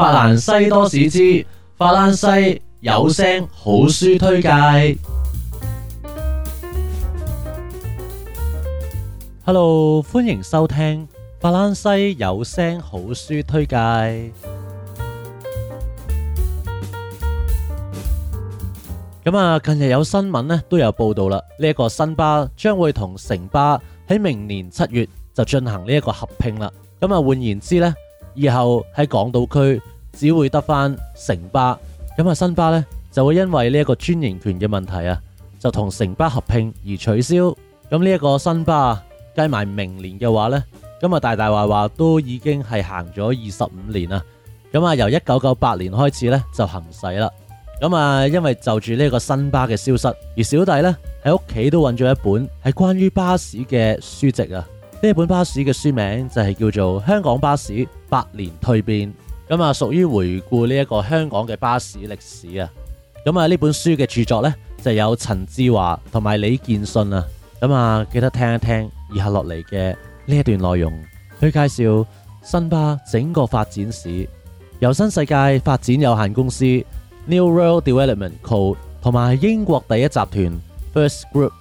法蘭西多士之法蘭西有聲好書推介，Hello，歡迎收聽法蘭西有聲好書推介。咁啊，近日有新聞咧，都有報道啦。呢、這、一個新巴將會同城巴喺明年七月就進行呢一個合併啦。咁啊，換言之咧。以後喺港島區只會得翻城巴咁啊新巴呢，就會因為呢一個專營權嘅問題啊，就同城巴合拼，而取消。咁呢一個新巴計埋明年嘅話呢，咁啊大大話話都已經係行咗二十五年啦。咁啊由一九九八年開始呢，就行駛啦。咁啊因為就住呢個新巴嘅消失，而小弟呢，喺屋企都揾咗一本係關於巴士嘅書籍啊。呢本巴士嘅書名就係叫做《香港巴士百年蛻變》，咁啊屬於回顧呢一個香港嘅巴士歷史啊。咁啊呢本書嘅著作呢，就有陳志華同埋李健信啊。咁啊記得聽一聽以下落嚟嘅呢一段內容，去介紹新巴整個發展史，由新世界發展有限公司 New World Development Code 同埋英國第一集團 First Group。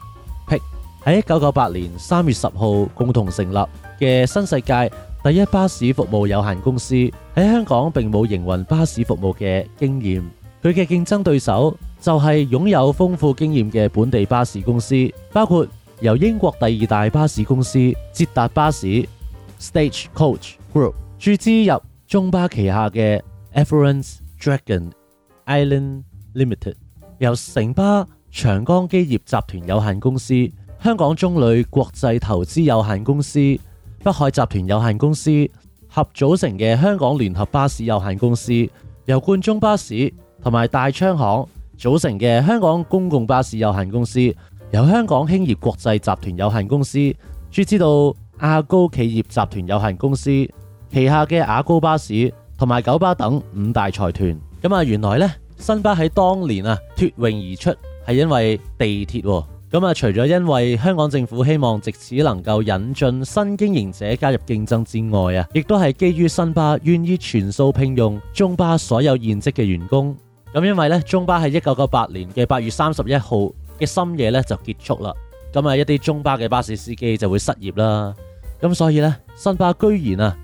喺一九九八年三月十號共同成立嘅新世界第一巴士服務有限公司喺香港並冇營運巴士服務嘅經驗，佢嘅競爭對手就係擁有豐富經驗嘅本地巴士公司，包括由英國第二大巴士公司捷達巴士 （Stagecoach Group） 注資入中巴旗下嘅 Effronz Dragon Island Limited，由城巴長江基業集團有限公司。香港中旅國際投資有限公司、北海集團有限公司合組成嘅香港聯合巴士有限公司，由冠忠巴士同埋大昌行組成嘅香港公共巴士有限公司，由香港興業國際集團有限公司注資到亞高企業集團有限公司旗下嘅亞高巴士同埋九巴等五大財團。咁啊，原來呢，新巴喺當年啊脫穎而出，係因為地鐵啊。咁啊，除咗因為香港政府希望藉此能夠引進新經營者加入競爭之外啊，亦都係基於新巴願意全數聘用中巴所有現職嘅員工。咁因為咧，中巴喺一九九八年嘅八月三十一號嘅深夜咧就結束啦，咁啊一啲中巴嘅巴士司機就會失業啦。咁所以咧，新巴居然啊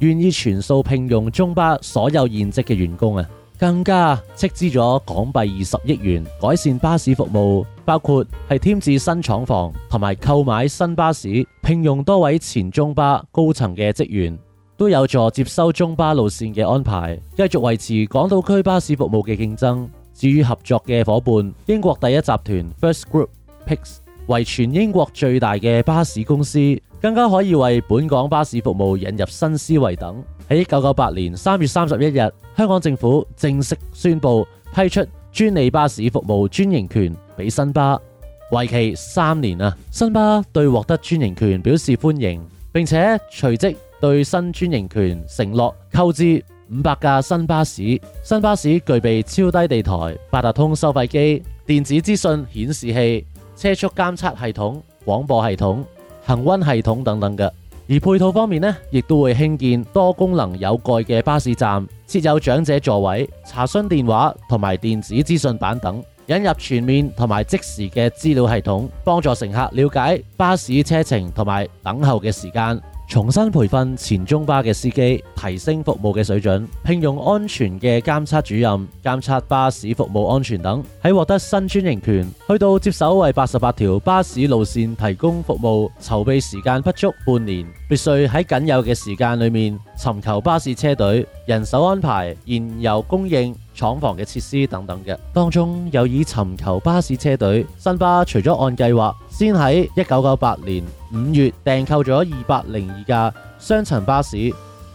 願意全數聘用中巴所有現職嘅員工啊！更加斥資咗港幣二十億元改善巴士服務，包括係添置新廠房同埋購買新巴士、聘用多位前中巴高層嘅職員，都有助接收中巴路線嘅安排，繼續維持港島區巴士服務嘅競爭。至於合作嘅伙伴，英國第一集團 First Group plc 為全英國最大嘅巴士公司，更加可以為本港巴士服務引入新思維等。喺一九九八年三月三十一日，香港政府正式宣布批出專利巴士服務專營權俾新巴，為期三年啊！新巴對獲得專營權表示歡迎，並且隨即對新專營權承諾購置五百架新巴士。新巴士具備超低地台、八達通收費機、電子資訊顯示器、車速監測系統、廣播系統、恒温系統等等嘅。而配套方面呢，亦都會興建多功能有蓋嘅巴士站，設有長者座位、查詢電話同埋電子資訊板等，引入全面同埋即時嘅資料系統，幫助乘客了解巴士車程同埋等候嘅時間。重新培訓前中巴嘅司機，提升服務嘅水準，聘用安全嘅監察主任，監察巴士服務安全等。喺獲得新專營權，去到接手為八十八條巴士路線提供服務，籌備時間不足半年，必須喺僅有嘅時間裏面，尋求巴士車隊、人手安排、燃油供應。廠房嘅設施等等嘅，當中有以尋求巴士車隊，新巴除咗按計劃先喺一九九八年五月訂購咗二百零二架雙層巴士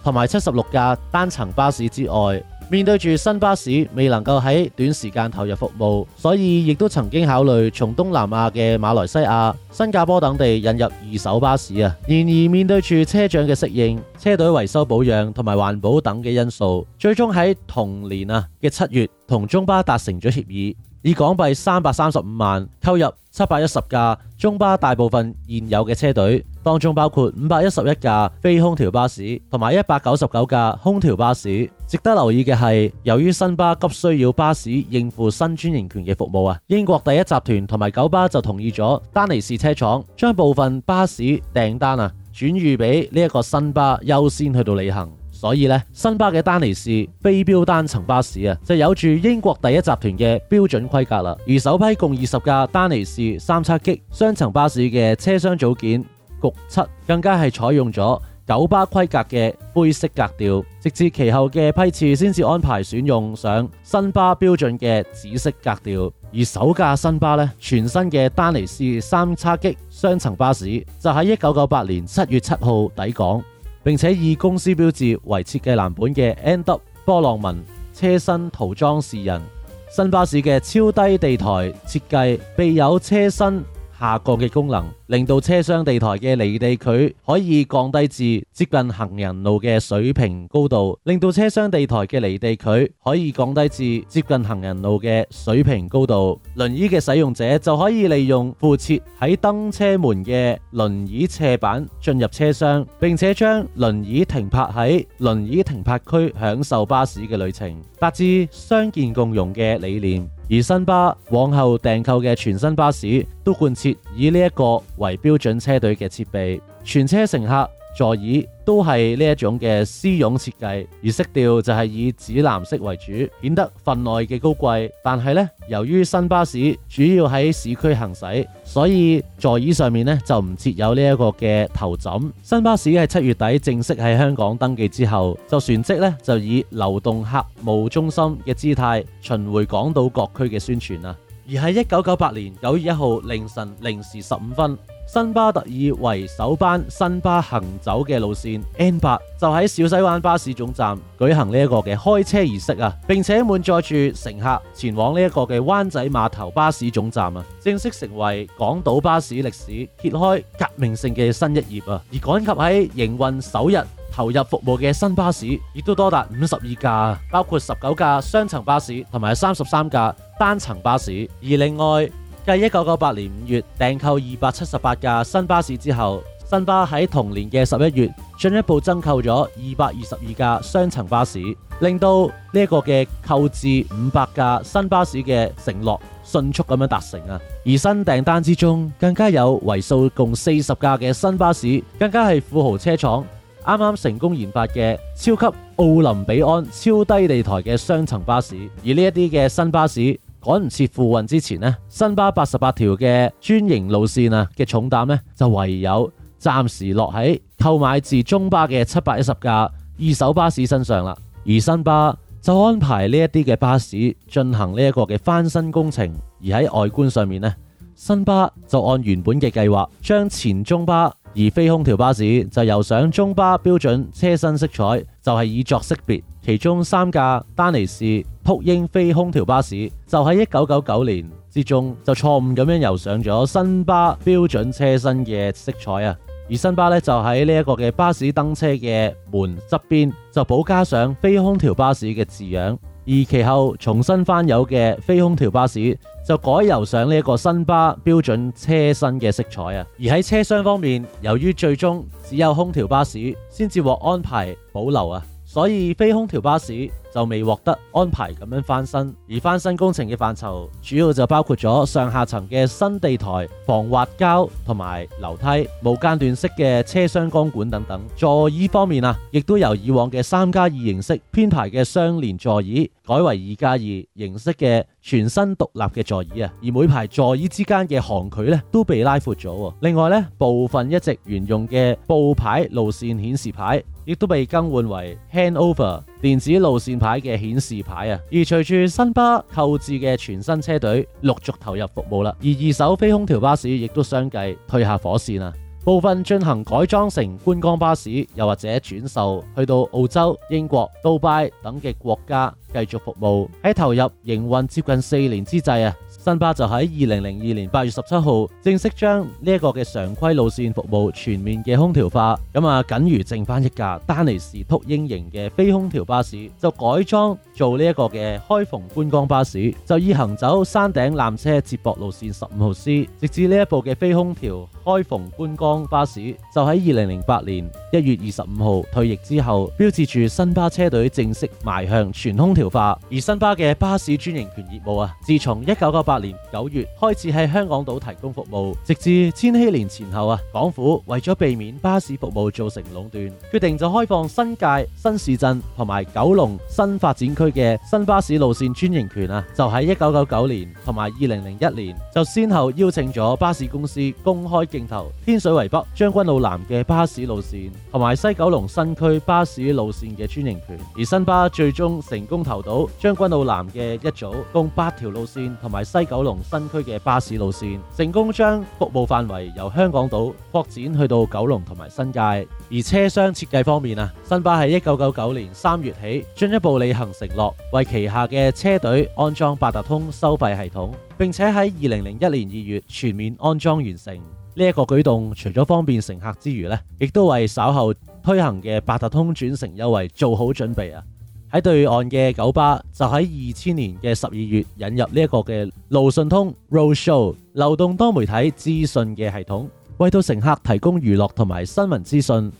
同埋七十六架單層巴士之外。面對住新巴士未能夠喺短時間投入服務，所以亦都曾經考慮從東南亞嘅馬來西亞、新加坡等地引入二手巴士啊。然而面對住車長嘅適應、車隊維修保養同埋環保等嘅因素，最終喺同年啊嘅七月同中巴達成咗協議。以港幣三百三十五萬購入七百一十架中巴，大部分現有嘅車隊當中，包括五百一十一架非空調巴士同埋一百九十九架空調巴士。值得留意嘅係，由於新巴急需要巴士應付新專營權嘅服務啊，英國第一集團同埋九巴就同意咗丹尼士車廠將部分巴士訂單啊轉予俾呢一個新巴優先去到履行。所以咧，新巴嘅丹尼士飛鏢單層巴士啊，就有住英國第一集團嘅標準規格啦。而首批共二十架丹尼士三叉戟雙層巴士嘅車廂組件局七，更加係採用咗九巴規格嘅灰色格調，直至其後嘅批次先至安排選用上新巴標準嘅紫色格調。而首架新巴咧，全新嘅丹尼士三叉戟雙層巴士就喺一九九八年七月七號抵港。並且以公司標誌為設計藍本嘅 NW 波浪紋車身塗裝示人，新巴士嘅超低地台設計備有車身下降嘅功能。令到車廂地台嘅離地距可以降低至接近行人路嘅水平高度，令到車廂地台嘅離地距可以降低至接近行人路嘅水平高度。輪椅嘅使用者就可以利用附設喺登車門嘅輪椅斜板進入車廂，並且將輪椅停泊喺輪椅停泊區享受巴士嘅旅程。達至傷健共融嘅理念，而新巴往後訂購嘅全新巴士都貫徹以呢、這、一個為標準車隊嘅設備，全車乘客座椅都係呢一種嘅絲絨設計，而色調就係以紫藍色為主，顯得分外嘅高貴。但係呢，由於新巴士主要喺市區行駛，所以座椅上面呢就唔設有呢一個嘅頭枕。新巴士喺七月底正式喺香港登記之後，就隨即呢就以流動客務中心嘅姿態巡回港島各區嘅宣傳啦。而喺一九九八年九月一號凌晨零時十五分，新巴特爾為首班新巴行走嘅路線 N 八，就喺小西灣巴士總站舉行呢一個嘅開車儀式啊，並且滿載住乘客前往呢一個嘅灣仔碼頭巴士總站啊，正式成為港島巴士歷史揭開革命性嘅新一頁啊！而趕及喺營運首日，投入服務嘅新巴士亦都多達五十二架，包括十九架雙層巴士同埋三十三架單層巴士。而另外，繼一九九八年五月訂購二百七十八架新巴士之後，新巴喺同年嘅十一月進一步增購咗二百二十二架雙層巴士，令到呢個嘅購置五百架新巴士嘅承諾迅速咁樣達成啊！而新訂單之中，更加有為數共四十架嘅新巴士，更加係富豪車廠，啱啱成功研發嘅超級奧林比安超低地台嘅雙層巴士，而呢一啲嘅新巴士趕唔切赴運之前呢，新巴八十八條嘅專營路線啊嘅重擔呢，就唯有暫時落喺購買自中巴嘅七百一十架二手巴士身上啦，而新巴就安排呢一啲嘅巴士進行呢一個嘅翻新工程，而喺外觀上面呢，新巴就按原本嘅計劃將前中巴。而非空調巴士就油上中巴標準車身色彩，就係以作識別。其中三架丹尼士禿鷹非空調巴士就喺一九九九年之中就錯誤咁樣油上咗新巴標準車身嘅色彩啊！而新巴咧就喺呢一個嘅巴士登車嘅門側邊就補加上非空調巴士嘅字樣。而其後重新翻有嘅非空調巴士就改油上呢一個新巴標準車身嘅色彩啊，而喺車廂方面，由於最終只有空調巴士先至獲安排保留啊。所以非空調巴士就未獲得安排咁樣翻新，而翻新工程嘅範疇主要就包括咗上下層嘅新地台、防滑膠同埋樓梯、無間斷式嘅車廂鋼管等等。座椅方面啊，亦都由以往嘅三加二形式編排嘅雙連座椅改為二加二形式嘅全新獨立嘅座椅啊，而每排座椅之間嘅行距呢，都被拉闊咗。另外呢，部分一直沿用嘅布牌路線顯示牌，亦都被更換為 handover 電子路線牌嘅顯示牌啊，而隨住新巴購置嘅全新車隊陸續投入服務啦，而二手非空調巴士亦都相繼退下火線啦。部分進行改裝成觀光巴士，又或者轉售去到澳洲、英國、杜拜等嘅國家繼續服務。喺投入營運接近四年之際啊，新巴就喺二零零二年八月十七號正式將呢一個嘅常規路線服務全面嘅空調化，咁啊僅餘剩翻一架丹尼士禿鷹型嘅非空調巴士就改裝做呢一個嘅開篷觀光巴士，就以行走山頂纜車接駁路線十五號 C，直至呢一部嘅非空調開篷觀光巴士就喺二零零八年一月二十五號退役之後，標誌住新巴車隊正式邁向全空調化，而新巴嘅巴士專營權業務啊，自從一九九八年九月開始喺香港島提供服務，直至千禧年前後啊，港府為咗避免巴士服務造成壟斷，決定就開放新界新市鎮同埋九龍新發展區嘅新巴士路線專營權啊，就喺一九九九年同埋二零零一年就先後邀請咗巴士公司公開競投天水圍北將軍澳南嘅巴士路線同埋西九龍新區巴士路線嘅專營權，而新巴最終成功投到將軍澳南嘅一組共八條路線同埋西西九龍新區嘅巴士路線，成功將服務範圍由香港島擴展去到九龍同埋新界，而車廂設計方面啊，新巴喺一九九九年三月起進一步履行承諾，為旗下嘅車隊安裝八達通收費系統，並且喺二零零一年二月全面安裝完成。呢一個舉動除咗方便乘客之餘咧，亦都為稍後推行嘅八達通轉乘優惠做好準備啊！喺對岸嘅九巴就喺二千年嘅十二月引入呢一個嘅路訊通 Roadshow 流動多媒體資訊嘅系統，為到乘客提供娛樂同埋新聞資訊。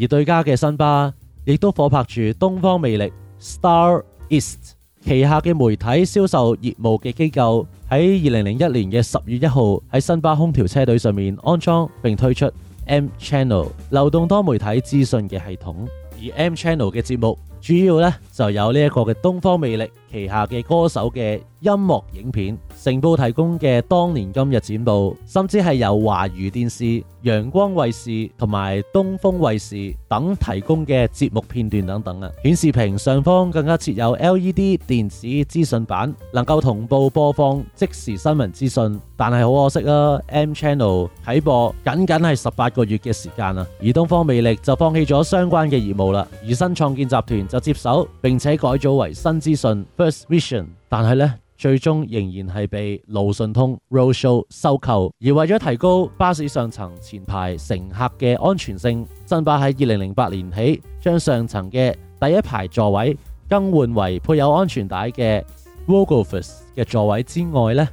而對家嘅新巴亦都夥拍住東方魅力 Star East 旗下嘅媒體銷售業務嘅機構，喺二零零一年嘅十月一號喺新巴空調車隊上面安裝並推出 M Channel 流動多媒體資訊嘅系統，而 M Channel 嘅節目。主要呢就有呢一個嘅東方魅力。旗下嘅歌手嘅音樂影片，成報提供嘅當年今日展報，甚至係由華娛電視、陽光衛視同埋東風衛視等提供嘅節目片段等等啊！顯示屏上方更加設有 LED 電子資訊板，能夠同步播放即時新聞資訊。但係好可惜啊，M Channel 啟播僅僅係十八個月嘅時間啊，而東方魅力就放棄咗相關嘅業務啦，而新創建集團就接手並且改組為新資訊。First Vision，但係咧，最終仍然係被路訊通 Roadshow 收購。而為咗提高巴士上層前排乘客嘅安全性，新巴喺二零零八年起，將上層嘅第一排座位更換為配有安全帶嘅 Vogefest 嘅座位之外呢，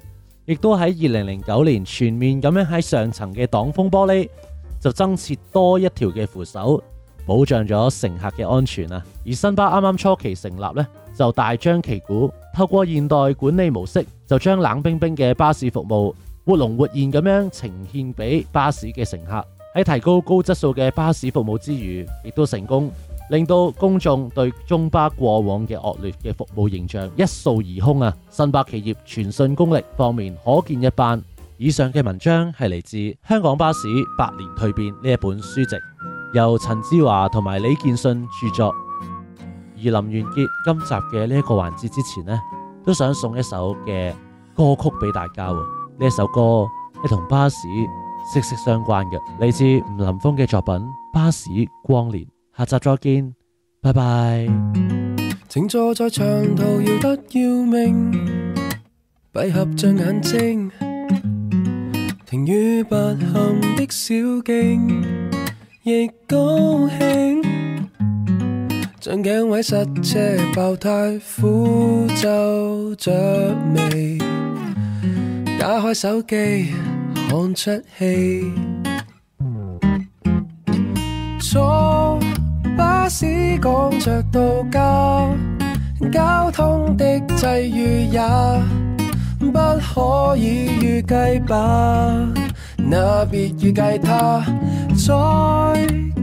咧，亦都喺二零零九年全面咁樣喺上層嘅擋風玻璃就增設多一條嘅扶手，保障咗乘客嘅安全啊！而新巴啱啱初期成立咧。就大張旗鼓，透過現代管理模式，就將冷冰冰嘅巴士服務活龍活現咁樣呈現俾巴士嘅乘客。喺提高高質素嘅巴士服務之餘，亦都成功令到公眾對中巴過往嘅惡劣嘅服務形象一掃而空啊！新巴企業傳信功力方面可見一斑。以上嘅文章係嚟自《香港巴士百年蛻變》呢一本書籍，由陳志華同埋李健信著作。而臨完結今集嘅呢一個環節之前呢，都想送一首嘅歌曲俾大家喎。呢一首歌係同巴士息息相關嘅，嚟自吳林峰嘅作品《巴士光年》。下集再見，拜拜。請坐在長途，搖得要命，閉合着眼睛，停於白的小徑亦高興上頸位塞車爆胎，苦皺着眉。打開手機看出戲。 坐巴士趕着到家，交通的際遇也不可以預計吧？那別預計它再。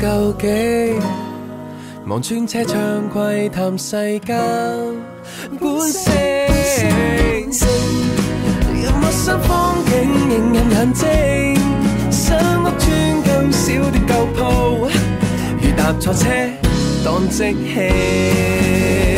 究竟望穿車窗窺探世間本性，任陌生風景映入眼睛，想屋村更少的舊鋪，如搭錯車當即興。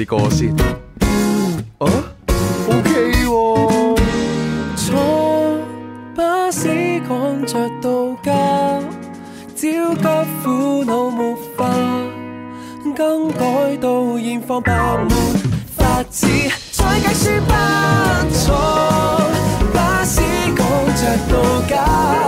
啲歌先，啊，O K 喎，okay 啊、坐巴士趕着到家，焦急苦惱沒法更改到現況，白沒法子，再解釋不錯，坐巴士趕着到家。